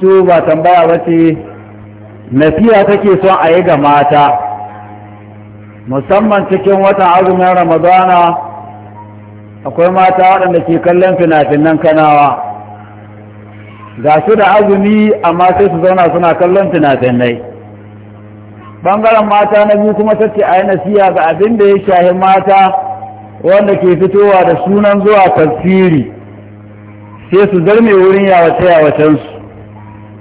su ba tambaya ba ce nasiha take so a yi ga mata musamman cikin watan azumin ramadana akwai mata waɗanda ke kallon finafinan kanawa ga su da azumi amma sai su zauna suna kallon finafinai finai ɓangaren mata na biyu kuma sace a yi nasiha ga abin da ya shahi mata wanda ke fitowa da sunan zuwa tafsiri sai su zarme wurin yawace-yawacensu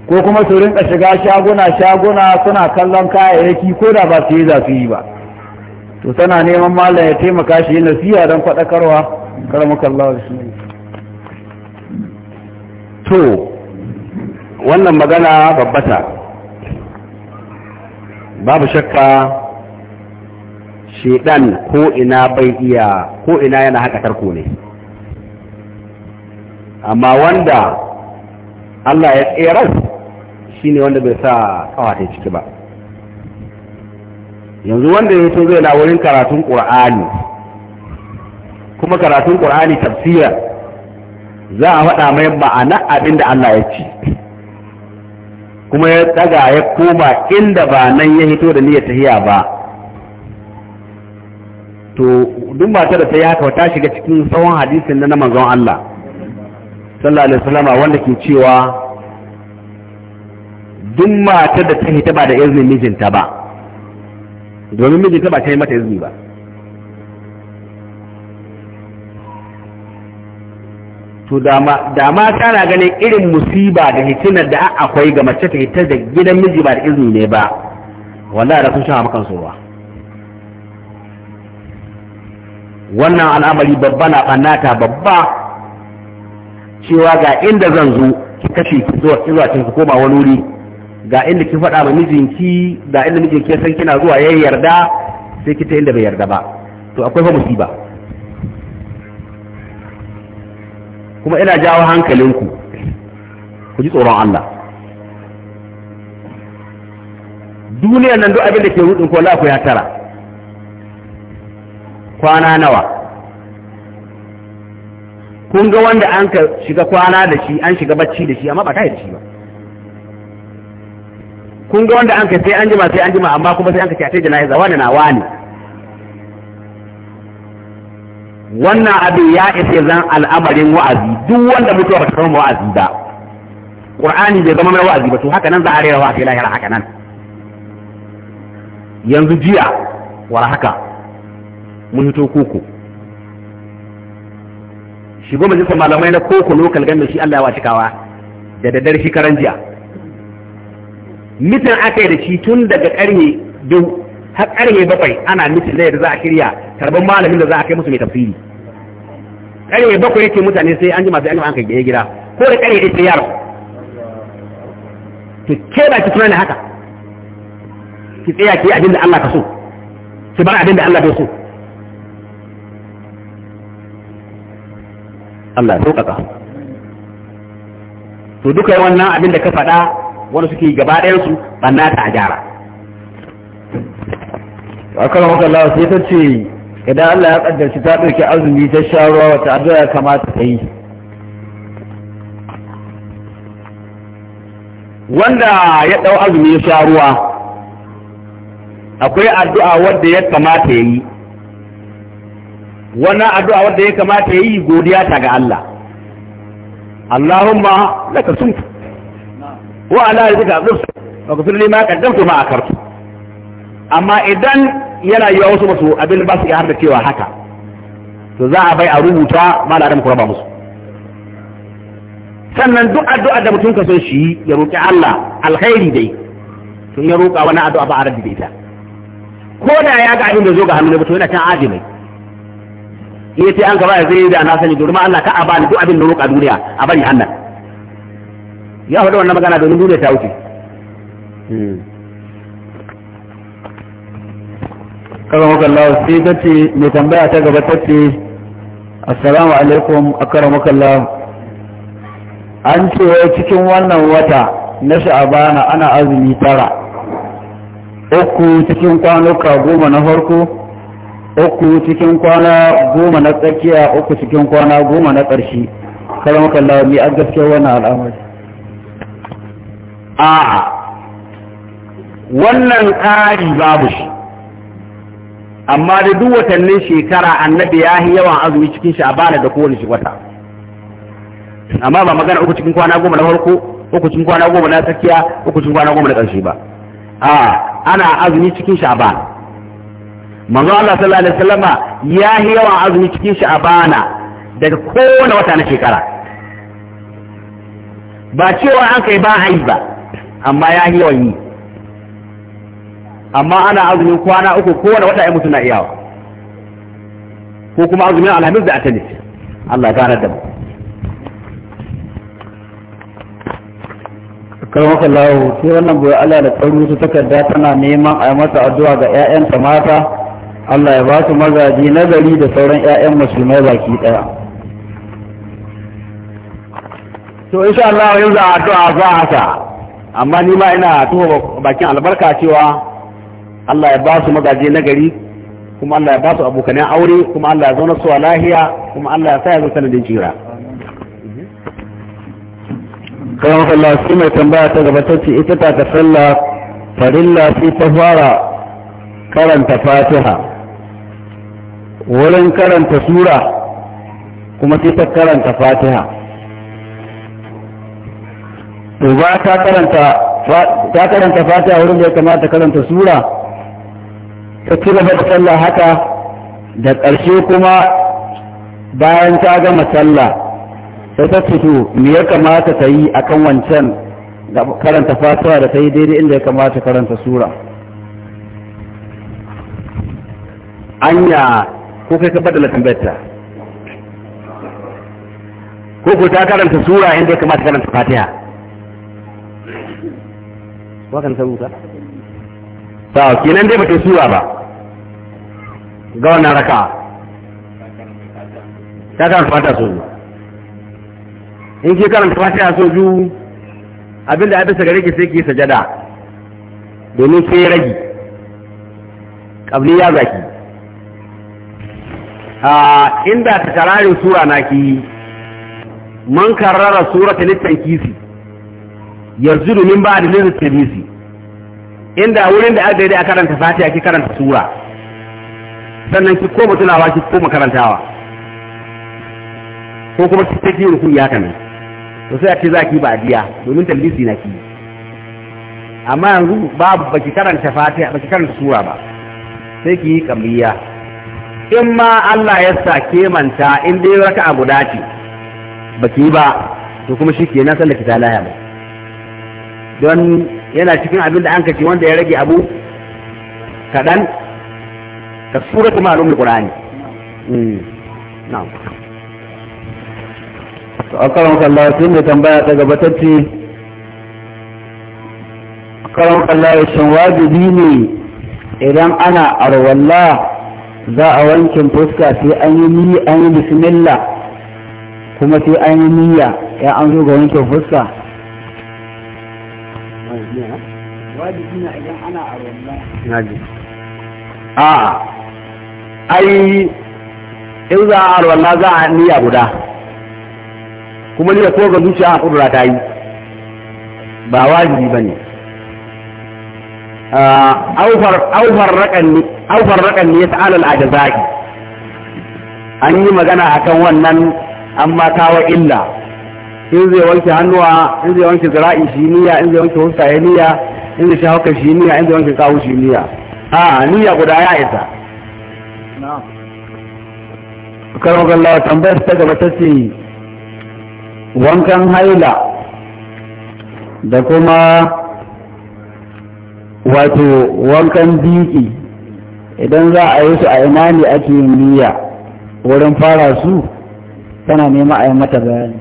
ko kuma su rinka shiga shaguna shaguna suna kallon kayayyaki ko da ba su yi zasuyi ba to tana neman malam ya taimaka shi nasiha don faɗakarwa shi to wannan magana babbata babu shakka shedan ko ina bai iya ko ina yana haka tarko ne amma wanda Allah ya tsere ne wanda bai sa ta ciki ba yanzu wanda ya zai na wurin karatun qur'ani kuma karatun qur'ani tafsira za a faɗa mai ma'ana abin da Allah ya ci kuma ya daga ya koma inda ba nan ya hito da niyyar tahiya ba to duk matar da sai yi haka ta shiga cikin tsawon hadisin na manzon Allah sallallahu alaihi wasallama wanda ke cewa duk matar da ta hita ba da izinin mijinta ba domin mijinta ba ta yi mata izini ba to da mata na ganin irin musiba da hitinar da akwai ga mace ta hita da gidan miji ba da izini ne ba wallahi da sun sha makan ruwa wannan al'amari babba na ɓannata babba cewa ga inda zan zo ki kashe ki zuwa ki zuwa ki koma wani wuri ga inda ki faɗa ma mijinki ga inda mijinki ya san kina zuwa ya yarda sai ki ta inda bai yarda ba to akwai fa musiba kuma ina jawo hankalinku ku ji tsoron Allah duniyar nan duk abin da ke rudin ko lafi ya tara kwana nawa kun ga wanda an ka shiga kwana da shi an shiga bacci da shi amma ba ta yi da shi ba kun ga wanda an ka sai an jima sai an jima amma kuma sai an ka ce a sai jana'iza wani na wani wannan abin ya isa zan al'amarin wa'azi duk wanda mutuwa ba ta zama wa'azi ba qur'ani bai zama mai wa'azi ba to haka nan za a rera wa sai lahira haka nan yanzu jiya wara haka mun hito koko shigo majalisar malamai na koko lokal gan da shi Allah ya wa cikawa da daddare shi karan jiya mitin aka yi da shi tun daga karye biyu har karye bakwai ana mitin da za a shirya karban malamin da za a kai musu mai tafsiri karye bakwai yake mutane sai an ji masu an an kai gida ko da karhe ɗaya yaro ki ke ba ki tunani haka ki tsaya ki abin da Allah ka so ki bar abin da Allah bai so Allah ya sauƙaƙa to duka wannan abin da ka faɗa wanda suke gaba ɗayan su banna ta a gyara akan haka lawa sai ta ce idan Allah ya ƙaddarci ta ɗauki azumi ta sha ruwa wata addu'a kamata ta yi wanda ya ɗau azumi ya sha ruwa akwai addu'a wadda ya kamata ya yi wannan addu'a wadda ya kamata ya yi godiya ta ga Allah Allahumma laka sunku wa ala rizika nufsa wa kafir lima qaddamtu ma ma a akartu amma idan yana yiwa wasu masu abin ba su iya harda cewa haka to za a bai a rubuta ma da adam ba musu sannan duk addu'a da mutum ka son shi ya roki Allah alkhairi dai Tun ya roka wani addu'a ba a raddi da ita ko da ya ga abin da zo ga hannu ne ba to yana kan ajimai yace an gaba ya zai da na sani domin Allah ka a bani duk abin da roka duniya a bari hannan ya faɗi wannan magana domin duniya ta wuce hmm. kaga muka Allah sai ta ce mai tambaya ta gaba ta ce assalamu alaikum akramaka Allah an ce cikin wannan wata na sha'abana ana azumi tara uku cikin kwanuka goma na farko uku cikin kwana goma na tsakiya uku cikin kwana goma na ƙarshe kaga muka Allah mai an gaskiyar wannan al'amari a'a wannan ƙari babu shi amma da duk watannin shekara annabi ya yi yawan azumi cikin bana da kowane shi wata amma ba magana uku cikin kwana goma na farko uku cikin kwana goma na tsakiya uku cikin kwana goma na ƙarshe ba a ana azumi cikin bana manzo Allah sallallahu alaihi wasallama ya yi yawan azumi cikin bana daga kowane wata na shekara ba cewa an kai ba ai ba amma ya yi yawan yi amma ana azumin kwana uku kowane wata ya mutu na iyawa ko kuma azumin alhamis da atalis Allah ya gane da mu kalmar kallahu sai wannan buwa Allah da tsauri su takarda tana neman a mata addu'a ga 'ya'yanta mata Allah ya ba su mazaji nagari da sauran 'ya'yan musulmai baki daya to insha Allah yanzu a addu'a za a sa amma ni ma ina tuho bakin albarka cewa Allah ya ba su magaje na gari kuma Allah ya ba su abokanen aure kuma Allah ya zauna su a lahiya kuma Allah ya sa ya zo sanadin jira kawai Allah su mai tambaya ta gaba ta ce ita ta ta sallah farilla sai ta fara karanta fatiha wurin karanta sura kuma sai ta karanta fatiha to ba ta karanta fatiha wurin da ya kamata karanta sura ta ci gaba da sallah haka da ƙarshe kuma bayan ta gama sallah sai ta fito me ya kamata ta yi akan wancan karanta fatiha da ta yi daidai inda ya kamata karanta sura anya ko kai ka badala tambayarta ko ko ta karanta sura inda ya kamata karanta fatiha wakan sabu ka? ta kenan dai bata sura ba ga wannan raka ta karanta fata so in ke karanta fata so ju abinda abin sagare ke sai ki sajada domin ke ragi kabli ya zaki a inda ta kararin sura na ki man karrara sura ta littan kisi yarjudu min da nesa tadisi inda wurin da aka dai a karanta fatiha ki karanta sura sannan ki koma tunawa ki koma karantawa ko kuma ki take rukun ya kana to sai ki ba biya, domin talbisi na ki amma yanzu babu baki karanta fatiha ki karanta sura ba sai ki yi kamiyya in ma Allah ya sa ke manta in dai raka'a guda ce baki ba to kuma shi kenan sallar ki ta laya ba don yana cikin abin da an kace wanda ya rage abu kaɗan ka suratu ma'alum da ƙur'ani mm. na'am to akaran sun ne tambaya ta gabatacce akaran kallah shin wajibi ne idan ana arwalla za a wankin fuska sai an yi ni an yi bismillah kuma sai an yi niyya ya an zo ga wankin fuska wajibi na idan ana a wannan a ai in za a arwalla za a niyya guda kuma ni da ko ga zuciya a kudura ta yi ba wajibi ba ne aufar raƙan ne ta alal ki. an yi magana a kan wannan amma kawo illa in zai wanke hannuwa in zai wanke zira'i shi niyya in zai wanke hussa ya niyya inda shi hauka shi niya inda wanke kawo shi niya. a niya guda ya isa karon lawa tambayar ta gaba ta ce wankan haila da kuma wato wankan biki idan za a yi su a ina ne ake yin niya, wurin fara su tana nema a yi mata bayani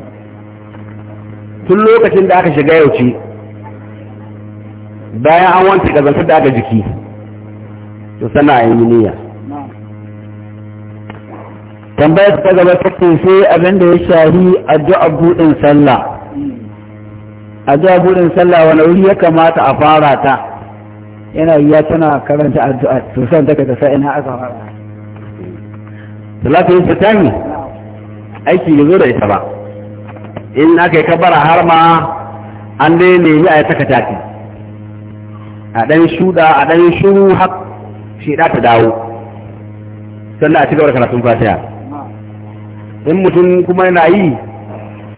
tun lokacin da aka shiga yauci bayan an wanta ƙazantar da aka jiki to sana a yi niyya tambayar ta gaba ta ce abin da ya shari addu'a buɗin sallah addu'a buɗin sallah wani wuri ya kamata a fara ta yana yi ya tana karanta addu'a to san ta ka sa ina aka fara salatu ta tami aiki ya zo da ita ba in aka yi kabara har ma an dai nemi a yi taka a ɗan shuɗa a ɗan shuru har ɗa ta dawo sannan a cigaba da karatun fatiha in mutum kuma yana yi